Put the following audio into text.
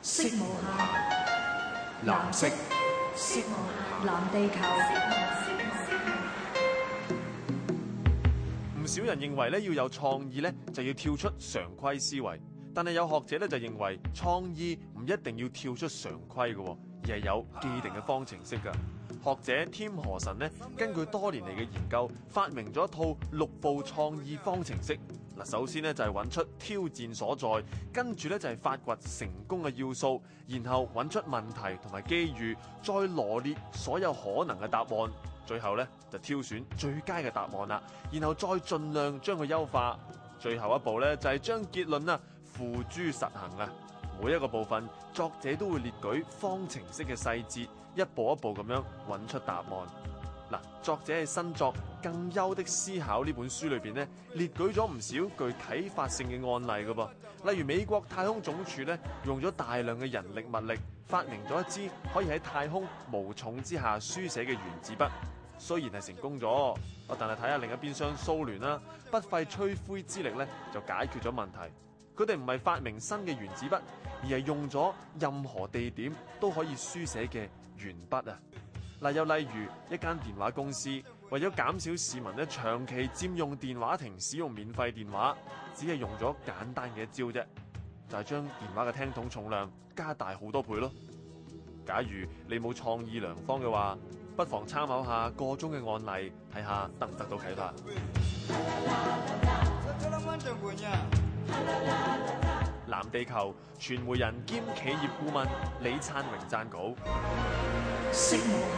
色無限，藍色。色無限，藍地球。唔少人認為咧要有創意咧就要跳出常規思維，但係有學者咧就認為創意唔一定要跳出常規嘅，而係有既定嘅方程式噶。學者添河神根據多年嚟嘅研究發明咗一套六步創意方程式。首先咧就係揾出挑戰所在，跟住咧就係發掘成功嘅要素，然後揾出問題同埋機遇，再羅列所有可能嘅答案，最後咧就挑選最佳嘅答案啦，然後再盡量將佢優化，最後一步咧就係將結論付諸實行啦！每一個部分作者都會列舉方程式嘅細節，一步一步咁樣揾出答案。嗱，作者喺新作《更優的思考》呢本書裏邊咧，列舉咗唔少具啟發性嘅案例嘅噃，例如美國太空總署咧用咗大量嘅人力物力，發明咗一支可以喺太空無重之下書寫嘅原子筆，雖然係成功咗，但係睇下另一邊廂蘇聯啦、啊，不費吹灰之力咧就解決咗問題。佢哋唔係發明新嘅原子筆，而係用咗任何地點都可以書寫嘅鉛筆啊。嗱，又例如一間電話公司，為咗減少市民咧長期佔用電話亭使用免費電話，只係用咗簡單嘅一招啫，就係將電話嘅聽筒重量加大好多倍咯。假如你冇創意良方嘅話，不妨參考一下個中嘅案例，睇下得唔得到啟發。藍 地球，傳媒人兼企業顧問李燦榮撰稿。